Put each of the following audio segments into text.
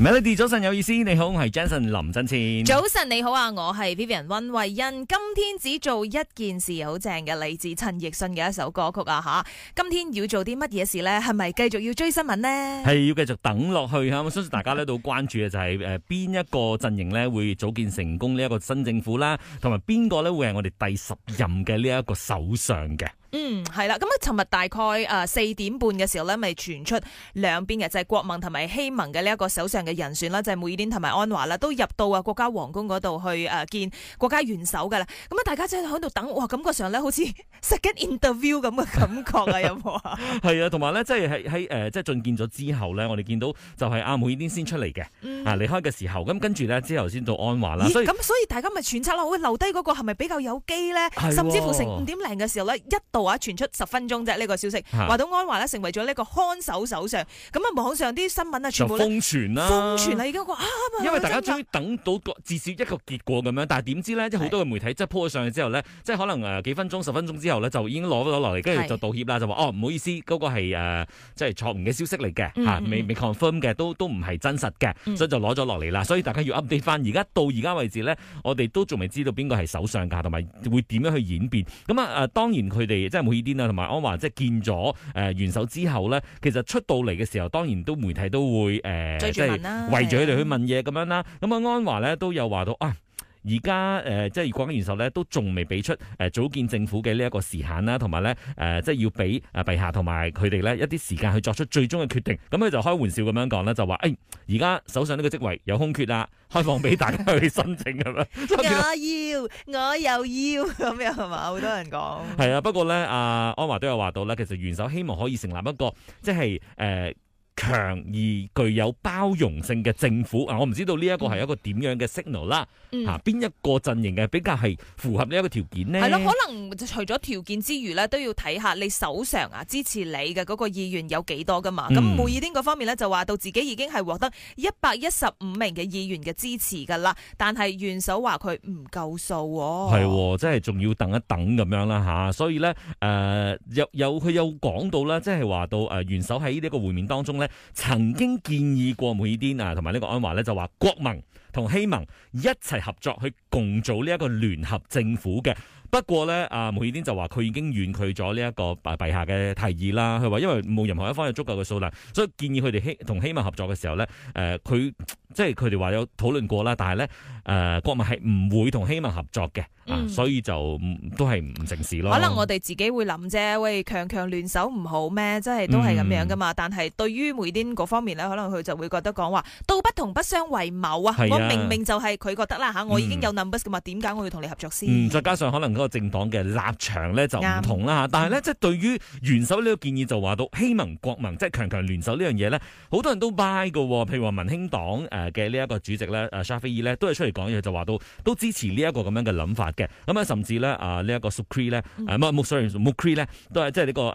Melody 早晨，有意思。你好，我係 Jason 林振倩。早晨你好啊，我係 Vivian 溫慧欣。今天只做一件事的，好正嘅，嚟自陳奕迅嘅一首歌曲啊吓。今天要做啲乜嘢事呢？係咪繼續要追新聞呢？係要繼續等落去啊！我相信大家呢都好關注嘅就係誒邊一個陣營呢會組建成功呢一個新政府啦，同埋邊個呢會係我哋第十任嘅呢一個首相嘅。嗯，係啦，咁啊，尋日大概誒四點半嘅時候咧，咪傳出兩邊嘅，就係、是、國盟同埋希盟嘅呢一個首相嘅人選啦，就係穆爾丁同埋安華啦，都入到啊國家皇宮嗰度去誒見國家元首噶啦。咁啊，大家即係喺度等，哇，感覺上咧好似 second interview 咁嘅感覺啊， 有冇啊？係啊， 同埋咧，即係喺喺即係進見咗之後咧，我哋見到就係阿穆爾丁先出嚟嘅，啊、嗯、離開嘅時候，咁跟住咧之後先到安華啦。咦所咁以，所以大家咪揣測咯，會留低嗰個係咪比較有機咧？的甚至乎成五點零嘅時候咧，一度。話傳出十分鐘啫，呢、這個消息，話到安華呢成為咗呢個看守首相，咁啊網上啲新聞啊全部封存啦，封存啦已經話因為大家終於等到個至少一個結果咁樣，但係點知呢？是即係好多嘅媒體即係鋪咗上去之後呢，即係可能誒幾分鐘、十分鐘之後呢，就已經攞咗落嚟，跟住就道歉啦，就話哦唔好意思，嗰、那個係誒、呃、即係錯誤嘅消息嚟嘅、嗯嗯、未未 confirm 嘅，都都唔係真實嘅，所以就攞咗落嚟啦。所以大家要 update 翻，而家到而家為止呢，我哋都仲未知道邊個係首相噶，同埋會點樣去演變。咁啊、呃、當然佢哋。真係冇意見啦，同埋安華即係見咗誒、呃、元首之後咧，其實出到嚟嘅時候，當然都媒體都會誒，呃啊、即係圍住佢哋去問嘢咁的樣啦。咁啊，安華咧都有話到啊。哎而、呃、家誒即係講緊元首咧，都仲未俾出誒組建政府嘅呢一個時限啦，同埋咧誒即係要俾啊陛下同埋佢哋咧一啲時間去作出最終嘅決定。咁佢就開玩笑咁樣講咧，就話：誒而家首相呢個職位有空缺啦，開放俾大家去申請咁樣。 是是我要，我又要咁又係嘛？好多人講。係啊， 不過咧，阿、呃、安華都有話到咧，其實元首希望可以成立一個即係誒。呃強而具有包容性嘅政府啊！我唔知道呢一個係、嗯、一個點樣嘅 signal 啦，吓邊一個陣營嘅比較係符合呢一個條件呢？係咯，可能除咗條件之餘呢，都要睇下你手上啊支持你嘅嗰個議員有幾多噶嘛？咁穆爾丁嗰方面呢，就話到自己已經係獲得一百一十五名嘅議員嘅支持噶啦，但係元首話佢唔夠數，係，即係仲要等一等咁樣啦吓，所以呢，誒、呃、有有佢有講到啦，即係話到誒元首喺呢一個會面當中咧。曾經建議過梅爾丁啊，同埋呢個安華咧，就話國盟同希盟一齊合作去共組呢一個聯合政府嘅。不過咧，阿慕尤丁就話佢已經婉拒咗呢一個陛下嘅提議啦。佢話因為冇任何一方有足夠嘅數量，所以建議佢哋同希盟合作嘅時候咧，誒、呃、佢即係佢哋話有討論過啦。但係咧，誒、呃、國民係唔會同希盟合作嘅，嗯、所以就都係唔成事咯。可能我哋自己會諗啫，喂，強強聯手唔好咩？即係都係咁樣噶嘛。嗯、但係對於慕尤丁嗰方面咧，可能佢就會覺得講話，道不同不相為謀啊！我明明就係佢覺得啦嚇，我已經有 number 嘅嘛、嗯，點解我要同你合作先、嗯？再加上可能、嗰個政黨嘅立場咧就唔同啦吓，Yeah. 但係咧、嗯、即係對於元首呢個建議就話到希盟國盟，即係強強聯手呢樣嘢咧，好多人都 buy、哦、譬如話民興黨誒嘅呢一個主席咧誒、啊、沙菲爾咧都係出嚟講嘢就話到都支持呢一個咁樣嘅諗法嘅，咁啊甚至咧啊、這個、呢一個 Sukri 咧誒，唔 m u sorry Mukhriz 咧都係即係呢個誒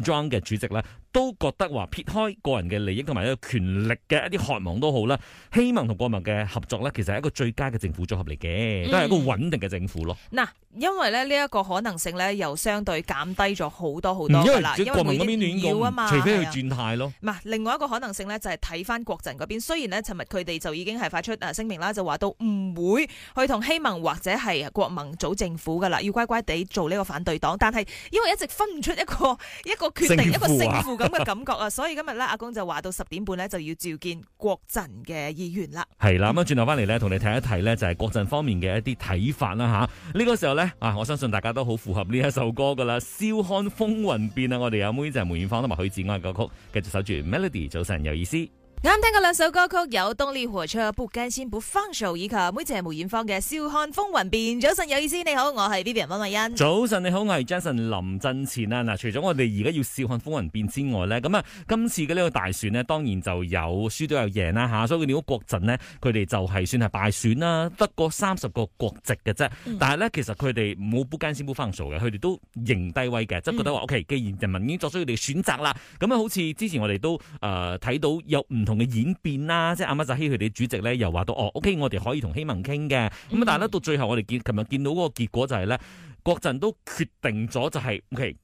Pejuang 嘅主席啦。都覺得話撇開個人嘅利益同埋嘅權力嘅一啲渴望都好啦，希盟同國民嘅合作咧，其實係一個最佳嘅政府組合嚟嘅，嗯、都係一個穩定嘅政府咯。嗱、嗯，因為咧呢一個可能性咧，又相對減低咗好多好多因為,了因為國民嗰邊亂啊嘛，除非佢轉態咯。嗱，另外一個可能性咧，就係睇翻國陣嗰邊。雖然呢，尋日佢哋就已經係發出誒聲明啦，就話到唔會去同希盟或者係國民組政府噶啦，要乖乖地做呢個反對黨。但係因為一直分唔出一個一個決定，政府啊、一個勝負。咁嘅 感覺啊，所以今日咧，阿公就話到十點半咧就要召見郭振嘅議員啦。係啦， 咁樣轉頭翻嚟咧，同你睇一睇咧，就係郭振方面嘅一啲睇法啦吓。呢、呢個時候咧啊，我相信大家都好符合呢一首歌噶啦，《笑看風雲變》啊，我哋阿妹就係梅艷芳同埋許志安嘅歌曲，繼續守住 Melody，早晨有意思。今日聽嘅兩首歌曲有《東尼火車》《布吉先不 f u 以及妹仔係梅艷芳嘅《笑看風雲變》。早晨有意思，你好，我係 Vivian 溫慧欣。早晨你好，我係 Johnson 林振前啦。嗱，除咗我哋而家要笑看風雲變之外呢，咁啊，今次嘅呢個大選呢，當然就有輸都有贏啦吓。所以你睇國陣呢，佢哋就係算係敗選啦，得過三十個國席嘅啫。嗯、但係呢，其實佢哋冇布吉先卜 f u 嘅，佢哋都認低威嘅，嗯、即係覺得話，OK，既然人民已經作出佢哋嘅選擇啦，咁啊，好似之前我哋都誒睇、呃、到有唔同。嘅演變啦，即係阿馬紮希佢哋主席咧，又話到哦，OK，我哋可以同希盟傾嘅。咁啊，但係咧到最後我哋見琴日見到嗰個結果就係、是、咧，國陣都決定咗就係、是、OK。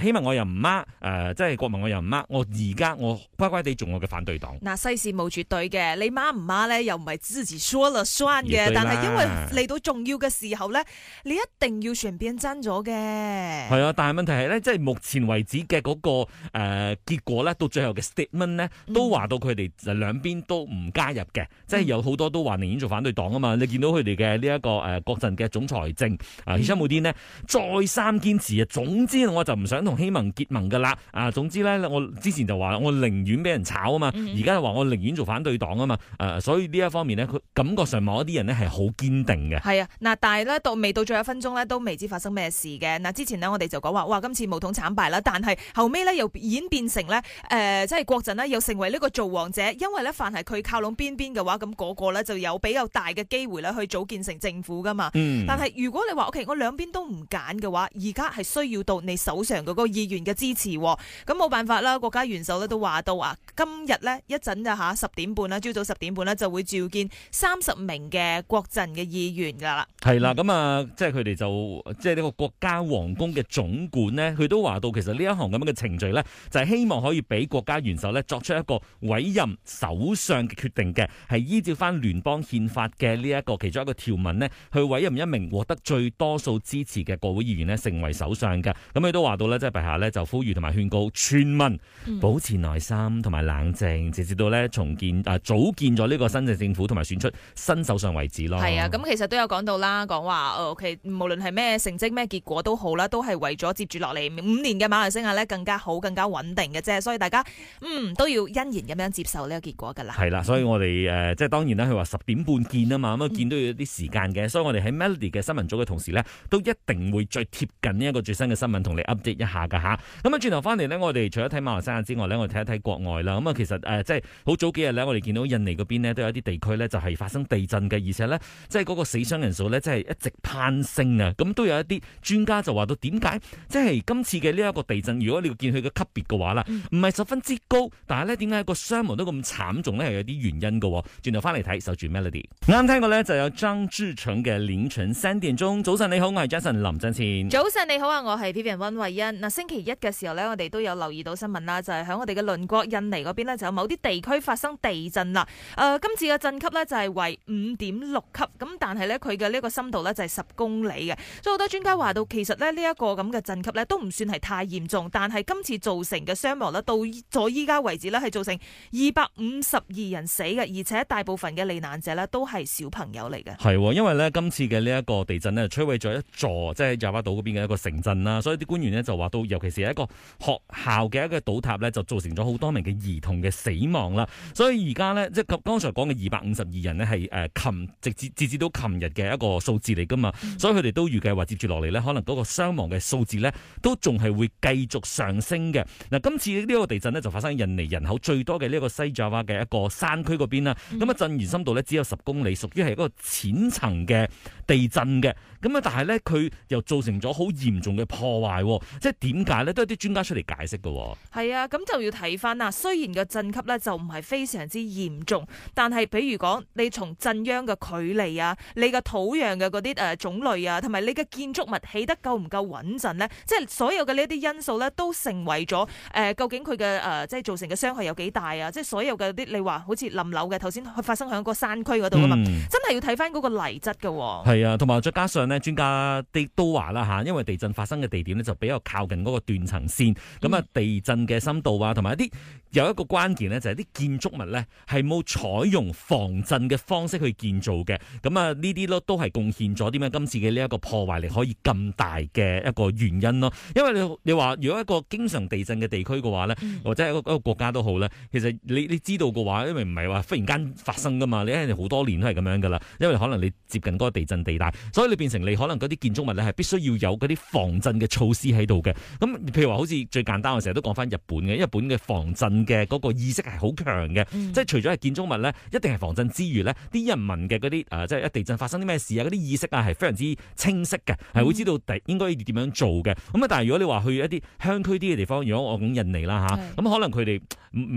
希望我又唔呃，誒，即係國民我又唔呃。我而家我乖乖地做我嘅反對黨。嗱，世事冇絕對嘅，你孖唔孖咧，又唔係自己說了算嘅。但係因為嚟到重要嘅時候咧，你一定要全變真咗嘅。係啊，但係問題係咧，即係目前為止嘅嗰、那個誒、呃、結果咧，到最後嘅 statement 咧，都話到佢哋兩邊都唔加入嘅。嗯、即係有好多都話寧願做反對黨啊嘛。你見到佢哋嘅呢一個誒、呃、國陣嘅總財政啊，依家冇啲呢，嗯、再三堅持啊。總之我。就唔想同希盟結盟噶啦，啊，總之咧，我之前就話我寧願俾人炒啊嘛，而家就話我寧願做反對黨啊嘛，誒，所以呢一方面呢，佢感覺上某一啲人呢係好堅定嘅。係啊，嗱，但係咧到未到最後一分鐘咧，都未知發生咩事嘅。嗱，之前呢，我哋就講話，哇，今次巫統慘敗啦，但係後尾咧又演變成咧，誒、呃，即係國陣呢又成為呢個造王者，因為咧凡係佢靠攏邊邊嘅話，咁、那、嗰個咧就有比較大嘅機會咧去組建成政府噶嘛。嗯、但係如果你話，OK，我兩邊都唔揀嘅話，而家係需要到你手補償嗰個議員嘅支持，咁冇辦法啦。國家元首咧都話到啊，今日呢，一陣就吓十點半啦，朝早十點半呢，就會召見三十名嘅國陣嘅議員噶啦。係啦、嗯，咁啊，即係佢哋就即係呢個國家皇宮嘅總管呢，佢都話到，其實呢一項咁樣嘅程序呢，就係希望可以俾國家元首呢作出一個委任首相嘅決定嘅，係依照翻聯邦憲法嘅呢一個其中一個條文呢，去委任一名獲得最多數支持嘅國會議員呢，成為首相嘅。咁佢都話。話到咧，即係陛下咧就呼籲同埋勸告全民保持耐心同埋冷靜，嗯、直至到咧重建啊組建咗呢個新政府同埋選出新首相為止咯。係、嗯、啊，咁其實都有講到啦，講話哦，其、okay，無論係咩成績咩結果都好啦，都係為咗接住落嚟五年嘅馬來西亞咧更加好、更加穩定嘅啫。所以大家嗯都要欣然咁樣接受呢個結果噶啦。係啦、啊，所以我哋誒即係當然啦，佢話十點半見啊嘛，咁啊見都要啲時間嘅，嗯、所以我哋喺 Melody 嘅新聞組嘅同時咧，都一定會最貼近呢一個最新嘅新聞同你接一下噶吓，咁啊轉頭翻嚟呢。我哋除咗睇馬來西亞之外呢，我哋睇一睇國外啦。咁啊，其實誒，即係好早幾日呢，我哋見到印尼嗰邊呢，都有一啲地區呢，就係發生地震嘅，而且呢，即係嗰個死傷人數呢，即係一直攀升啊。咁都有一啲專家就話到，點解即係今次嘅呢一個地震，如果你見佢嘅級別嘅話啦，唔係十分之高，但係呢，點解個傷亡都咁慘重呢？係有啲原因嘅。轉頭翻嚟睇，守住 Melody。啱聽過呢，就有張志成嘅凌晨三點鐘。早晨你好，我係 Jason 林振前。早晨你好啊，我係 Vivian 溫慧。嗱，星期一嘅時候呢，我哋都有留意到新聞啦，就係、是、喺我哋嘅鄰國印尼嗰邊呢，就有某啲地區發生地震啦。誒、呃，今次嘅震級呢，就係為五點六級，咁但係呢，佢嘅呢個深度呢，就係十公里嘅。所以好多專家話到，其實咧呢一個咁嘅震級呢，都唔算係太嚴重，但係今次造成嘅傷亡呢，到咗依家為止呢，係造成二百五十二人死嘅，而且大部分嘅罹難者呢，都係小朋友嚟嘅。係、哦，因為呢，今次嘅呢一個地震咧，摧毀咗一座，即係爪哇島嗰邊嘅一個城鎮啦，所以啲官員就話到，尤其是一個學校嘅一個倒塌咧，就造成咗好多名嘅兒童嘅死亡啦。所以而家咧，即係剛才講嘅二百五十二人呢，係誒，琴、呃、直至直至到琴日嘅一個數字嚟噶嘛。所以佢哋都預計話接住落嚟呢，可能嗰個傷亡嘅數字呢，都仲係會繼續上升嘅。嗱，今次呢個地震呢，就發生喺印尼人口最多嘅呢一個西爪哇嘅一個山區嗰邊啦。咁啊，震源深度呢，只有十公里，屬於係一個淺層嘅地震嘅。咁啊，但係呢，佢又造成咗好嚴重嘅破壞啊。即係點解咧？都係啲專家出嚟解釋嘅喎。係啊，咁就要睇翻啦。雖然個震級咧就唔係非常之嚴重，但係比如講你從震央嘅距離啊，你嘅土壤嘅嗰啲誒種類啊，同埋你嘅建築物起得夠唔夠穩陣呢，即係所有嘅呢一啲因素咧，都成為咗誒、呃，究竟佢嘅誒即係造成嘅傷害有幾大啊？即係所有嘅啲你話好似冧樓嘅，頭先發生響個山區嗰度啊嘛，嗯、真係要睇翻嗰個泥質嘅喎。係啊，同埋再加上呢，專家啲都話啦吓，因為地震發生嘅地點呢，就比較。靠近嗰個斷層線，咁啊地震嘅深度啊，同埋一啲有一個關鍵咧，就係、是、啲建築物咧係冇採用防震嘅方式去建造嘅，咁啊呢啲咯都係貢獻咗啲咩？今次嘅呢一個破壞力可以咁大嘅一個原因咯、啊。因為你你話如果一個經常地震嘅地區嘅話咧，或者係一個國家都好咧，其實你你知道嘅話，因為唔係話忽然間發生噶嘛，你一定好多年都係咁樣噶啦。因為可能你接近嗰個地震地帶，所以你變成你可能嗰啲建築物咧係必須要有嗰啲防震嘅措施。喺度嘅，咁譬如話，好似最簡單，我成日都講翻日本嘅，日本嘅防震嘅嗰個意識係好強嘅，嗯、即係除咗係建築物咧，一定係防震之餘咧，啲人民嘅嗰啲誒即係一地震發生啲咩事啊，嗰啲意識啊係非常之清晰嘅，係會知道第應該點樣做嘅。咁啊，但係如果你話去一啲鄉區啲嘅地方，如果我講印尼啦吓，咁、啊嗯、是可能佢哋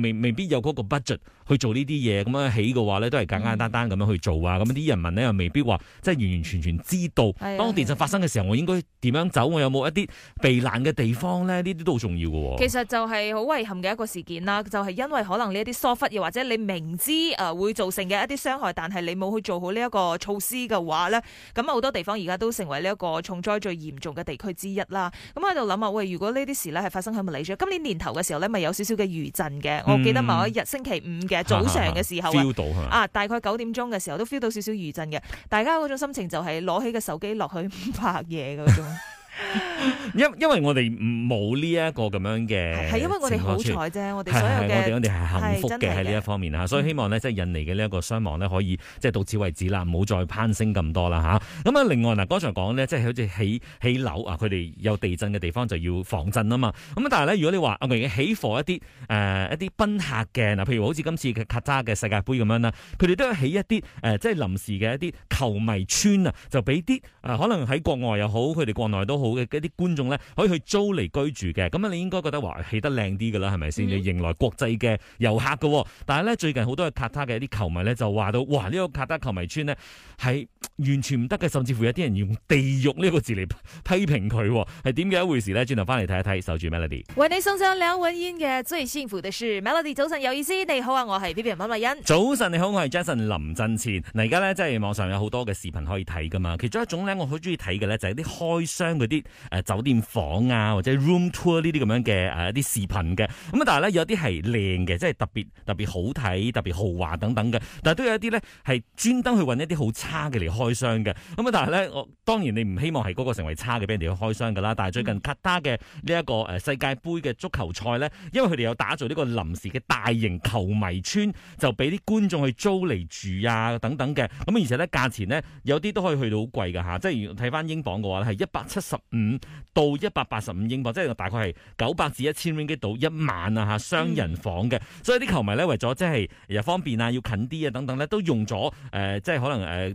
未未必有嗰個 budget 去做呢啲嘢，咁樣起嘅話咧，都係簡簡單單咁樣去做啊。咁啲、嗯、人民咧又未必話即係完完全全知道，當地震發生嘅時候我應該點樣走，我有冇一啲避難嘅地方咧，呢啲都好重要嘅。其實就係好遺憾嘅一個事件啦，就係、是、因為可能呢一啲疏忽，又或者你明知誒會造成嘅一啲傷害，但係你冇去做好呢一個措施嘅話咧，咁啊好多地方而家都成為呢一個重災最嚴重嘅地區之一啦。咁喺度諗啊，喂，如果呢啲事咧係發生喺馬來西亞，今年年頭嘅時候咧，咪有少少嘅餘震嘅。嗯、我記得某一日星期五嘅早上嘅時候哈哈 feel 到吓啊，大概九點鐘嘅時候都 feel 到少少餘震嘅。大家嗰種心情就係攞起個手機落去拍嘢嗰種。 因因為我哋冇呢一個咁樣嘅係，因為我哋好彩啫，我哋所有嘅我哋係幸福嘅喺呢一方面吓，的所以希望呢，即係印尼嘅呢一個傷亡呢，可以即係到此為止啦，唔好再攀升咁多啦吓。咁啊，另外嗱剛才講呢，即係好似起起樓啊，佢哋有地震嘅地方就要防震啊嘛。咁但係呢，如果你話我哋起火一啲誒、呃、一啲賓客嘅譬如好似今次嘅卡扎嘅世界杯咁樣啦，佢哋都有起一啲誒，即係臨時嘅一啲球迷村啊，就俾啲、呃、可能喺國外又好，佢哋國內都。好嘅一啲觀眾咧，可以去租嚟居住嘅，咁啊，你應該覺得話起得靚啲噶啦，係咪先？Mm hmm. 要迎來國際嘅遊客嘅、哦，但係咧最近好多嘅卡塔嘅一啲球迷咧就話到，哇！呢、這個卡塔球迷村呢，係完全唔得嘅，甚至乎有啲人用地獄呢個字嚟批評佢、哦，係點嘅一回事呢？轉頭翻嚟睇一睇，守住 Melody，為你送上梁文音嘅最幸福嘅事，Melody 早晨有意思，你好啊，我係 B B 溫麗欣。早晨你好，我係 Jason 林振前。嗱而家呢，即係網上有好多嘅視頻可以睇噶嘛，其中一種咧我好中意睇嘅咧就係、是、啲開箱嘅。啲誒酒店房啊，或者 room tour 呢啲咁樣嘅誒、啊、一啲視頻嘅，咁啊但係咧有啲係靚嘅，即係特別特別好睇、特別豪華等等嘅。但係都有一啲咧係專登去揾一啲好差嘅嚟開箱嘅。咁啊但係咧，我當然你唔希望係嗰個成為差嘅俾人哋去開箱噶啦。但係最近卡塔嘅呢一個誒世界杯嘅足球賽咧，因為佢哋有打造呢個臨時嘅大型球迷村，就俾啲觀眾去租嚟住啊等等嘅。咁而且咧價錢咧有啲都可以去到好貴㗎吓，即係睇翻英鎊嘅話係一百七十。五、嗯、到一百八十五英鎊，即係大概係九百至一千 Ringgit 到一晚啊吓，雙人房嘅。嗯、所以啲球迷咧為咗即係又方便啊，要近啲啊等等咧、啊，都用咗誒、呃，即係可能誒、呃、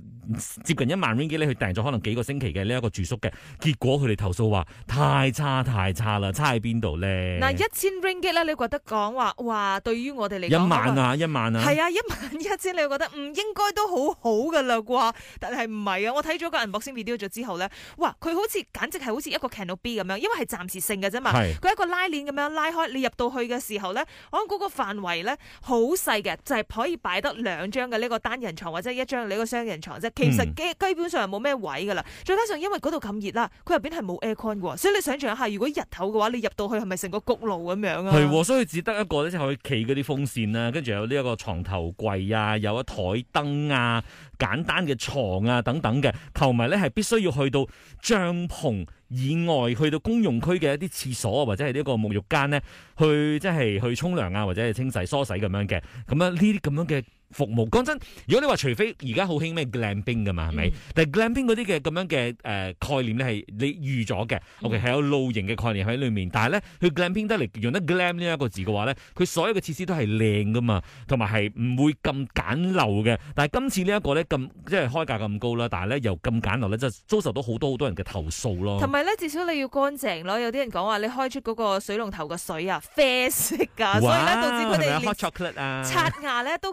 接近一萬 Ringgit 咧去訂咗可能幾個星期嘅呢一個住宿嘅。結果佢哋投訴話太差太差啦，差喺邊度咧？嗱，一千 Ringgit 咧，你覺得講話哇，對於我哋嚟講一萬啊，是一萬啊，係啊，一萬一千，你覺得唔、嗯、應該都好好噶啦啩？但係唔係啊，我睇咗個銀博星 video 咗之後咧，哇，佢好似簡直。係好似一個 Canopy 咁樣，因為係暫時性嘅啫嘛。佢是一個拉鏈咁樣拉開，你入到去嘅時候咧，我諗嗰個範圍咧好細嘅，就係、是、可以擺得兩張嘅呢個單人床或者一張呢個雙人床啫。其實基基本上係冇咩位噶啦。再加上因為嗰度咁熱啦，佢入邊係冇 aircon 嘅，所以你想象一下，如果日頭嘅話，你入到去係咪成個焗爐咁樣啊？係、哦，所以只得一個咧就可以企嗰啲風扇啦，跟住有呢一個床頭櫃啊，有一枱燈啊，簡單嘅床啊等等嘅。球迷咧係必須要去到帳篷。以外，去到公用區嘅一啲廁所或者係呢個沐浴間咧，去即係去沖涼啊，或者係清洗、梳洗咁樣嘅。咁樣呢啲咁樣嘅。服務講真，如果你話除非而家好興咩 Glamping 噶嘛，係咪、嗯？但係 Glamping 嗰啲嘅咁樣嘅、呃、概念咧係你預咗嘅、嗯、OK 係有露營嘅概念喺裏面。但係咧，佢 Glamping 得嚟用得 Glam 呢一個字嘅話咧，佢所有嘅設施都係靚噶嘛，同埋係唔會咁簡陋嘅。但係今次呢一個咧咁即係開價咁高啦，但係咧又咁簡陋咧，就遭受到好多好多人嘅投訴咯。同埋咧，至少你要乾淨咯。有啲人講話你開出嗰個水龍頭嘅水啊啡色㗎、啊，哇所以咧，導致佢哋刷牙咧都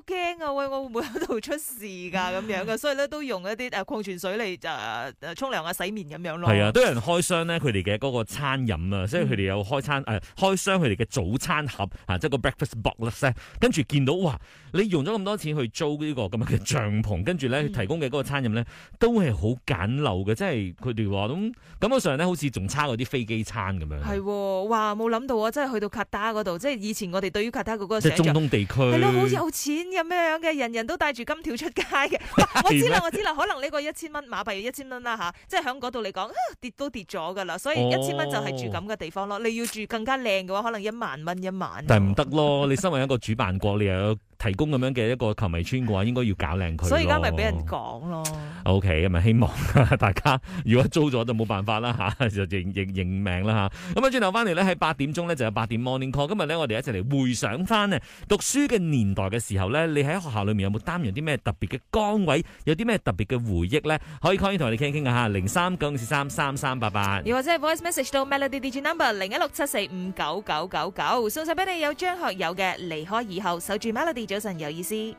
喂，我會唔會喺度出事噶咁樣噶？所以咧都用一啲誒礦泉水嚟就誒沖涼啊、洗面咁樣咯。係啊，都有人開箱咧，佢哋嘅嗰個餐飲啊，所以佢哋有開餐誒、啊、開箱佢哋嘅早餐盒啊，即係個 breakfast box，跟住見到哇！你用咗咁多錢去租呢個咁嘅帳篷，跟住咧提供嘅嗰個餐飲咧都係好簡陋嘅，即係佢哋話咁感覺上咧，好似仲差過啲飛機餐咁樣。係、哦，哇！冇諗到啊，真係去到卡達嗰度，即係以前我哋對於卡達嗰個想象，即係中東地區係咯，好有好錢咁樣嘅，人人都帶住金條出街嘅嗎。 我知啦，我知啦，可能呢個一千蚊馬幣一千蚊啦，吓，即係喺嗰度嚟講跌都跌咗㗎啦，所以一千蚊就係住咁嘅地方咯。哦、你要住更加靚嘅話，可能一萬蚊一晚。但係唔得咯，你身為一個主辦國，你又 提供咁樣嘅一個球迷村嘅話，應該要搞靚佢，所以而家咪俾人講咯。OK，咁咪希望大家如果租咗就冇辦法啦嚇，就認認認命啦嚇。咁啊轉頭翻嚟咧，喺八點鐘咧就有八點 Morning Call。今日咧我哋一齊嚟回想翻咧讀書嘅年代嘅時候咧，你喺學校裏面有冇擔任啲咩特別嘅崗位？有啲咩特別嘅回憶咧？可以可以同你傾傾下，零三九四三三三八八，又或者係 Voice Message 到 Melody Digital Number 零一六七四五九九九九，送上俾你有張學友嘅離開以後，守住 Melody。早晨，有意思。